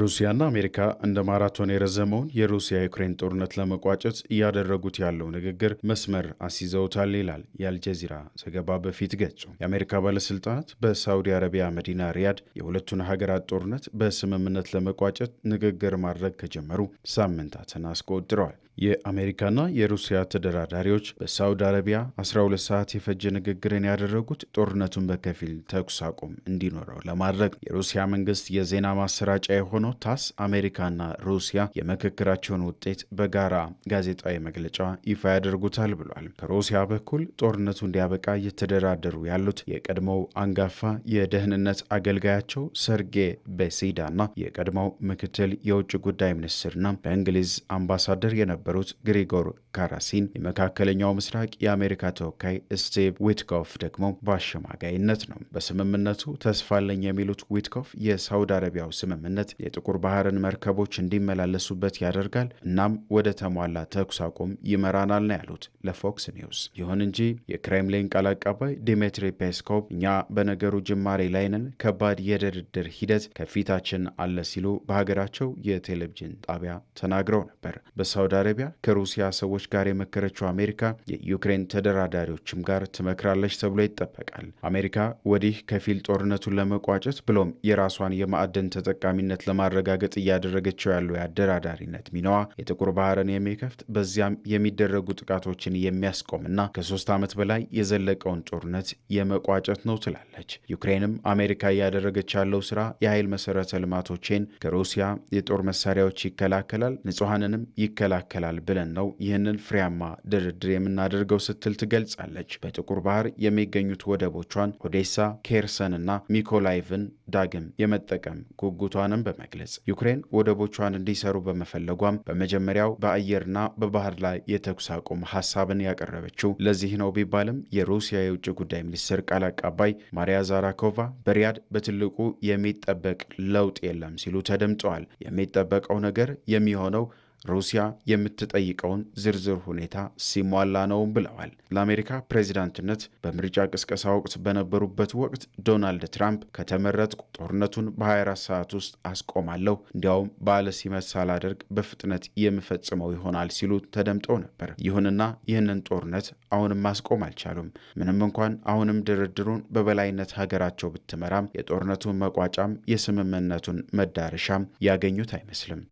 ሩሲያና አሜሪካ እንደ ማራቶን የረዘመውን የሩሲያ ዩክሬን ጦርነት ለመቋጨት እያደረጉት ያለው ንግግር መስመር አስይዘውታል ይላል የአልጀዚራ ዘገባ በፊት ገጹ። የአሜሪካ ባለስልጣናት በሳውዲ አረቢያ መዲና ሪያድ የሁለቱን ሀገራት ጦርነት በስምምነት ለመቋጨት ንግግር ማድረግ ከጀመሩ ሳምንታትን አስቆጥረዋል። የአሜሪካና የሩሲያ ተደራዳሪዎች በሳውዲ አረቢያ 12 ሰዓት የፈጀ ንግግርን ያደረጉት ጦርነቱን በከፊል ተኩስ አቁም እንዲኖረው ለማድረግ። የሩሲያ መንግስት የዜና ማሰራጫ የሆነው ታስ አሜሪካና ሩሲያ የምክክራቸውን ውጤት በጋራ ጋዜጣዊ መግለጫ ይፋ ያደርጉታል ብሏል። ከሩሲያ በኩል ጦርነቱ እንዲያበቃ እየተደራደሩ ያሉት የቀድሞው አንጋፋ የደህንነት አገልጋያቸው ሰርጌ በሲዳና የቀድሞው ምክትል የውጭ ጉዳይ ሚኒስትርና በእንግሊዝ አምባሳደር የነበ የነበሩት ግሪጎር ካራሲን የመካከለኛው ምስራቅ የአሜሪካ ተወካይ ስቲቭ ዊትኮፍ ደግሞ በአሸማጋይነት ነው። በስምምነቱ ተስፋ አለኝ የሚሉት ዊትኮፍ የሳውዲ አረቢያው ስምምነት የጥቁር ባህርን መርከቦች እንዲመላለሱበት ያደርጋል፣ እናም ወደ ተሟላ ተኩስ አቁም ይመራናል ነው ያሉት ለፎክስ ኒውስ። ይሁን እንጂ የክሬምሊን ቃል አቀባይ ዲሜትሪ ፔስኮቭ እኛ በነገሩ ጅማሬ ላይ ነን፣ ከባድ የድርድር ሂደት ከፊታችን አለ ሲሉ በሀገራቸው የቴሌቪዥን ጣቢያ ተናግረው ነበር። በሳውዲ አረቢያ ከሩሲያ ሰዎች ጋር የመከረችው አሜሪካ የዩክሬን ተደራዳሪዎችም ጋር ትመክራለች ተብሎ ይጠበቃል። አሜሪካ ወዲህ ከፊል ጦርነቱን ለመቋጨት ብሎም የራሷን የማዕድን ተጠቃሚነት ለማረጋገጥ እያደረገችው ያለው የአደራዳሪነት ሚናዋ የጥቁር ባህርን የሚከፍት በዚያም የሚደረጉ ጥቃቶችን የሚያስቆምና ከሶስት ዓመት በላይ የዘለቀውን ጦርነት የመቋጨት ነው ትላለች። ዩክሬንም አሜሪካ እያደረገች ያለው ስራ የኃይል መሰረተ ልማቶችን ከሩሲያ የጦር መሳሪያዎች ይከላከላል፣ ንጹሐንንም ይከላከላል ይቻላል ብለን ነው ይህንን ፍሬያማ ድርድር የምናደርገው ስትል ትገልጻለች። በጥቁር ባህር የሚገኙት ወደቦቿን ኦዴሳ፣ ኬርሰንና ሚኮላይቭን ዳግም የመጠቀም ጉጉቷንም በመግለጽ ዩክሬን ወደቦቿን እንዲሰሩ በመፈለጓም በመጀመሪያው በአየርና በባህር ላይ የተኩስ አቁም ሀሳብን ያቀረበችው ለዚህ ነው ቢባልም የሩሲያ የውጭ ጉዳይ ሚኒስትር ቃል አቀባይ ማሪያ ዛራኮቫ በሪያድ በትልቁ የሚጠበቅ ለውጥ የለም ሲሉ ተደምጠዋል። የሚጠበቀው ነገር የሚሆነው ሩሲያ የምትጠይቀውን ዝርዝር ሁኔታ ሲሟላ ነውም ብለዋል። ለአሜሪካ ፕሬዚዳንትነት በምርጫ ቅስቀሳ ወቅት በነበሩበት ወቅት ዶናልድ ትራምፕ ከተመረጥኩ ጦርነቱን በ24 ሰዓት ውስጥ አስቆማለሁ፣ እንዲያውም ባለ ሲመት ሳላደርግ በፍጥነት የምፈጽመው ይሆናል ሲሉ ተደምጠው ነበር። ይሁንና ይህንን ጦርነት አሁንም ማስቆም አልቻሉም። ምንም እንኳን አሁንም ድርድሩን በበላይነት ሀገራቸው ብትመራም የጦርነቱን መቋጫም የስምምነቱን መዳረሻም ያገኙት አይመስልም።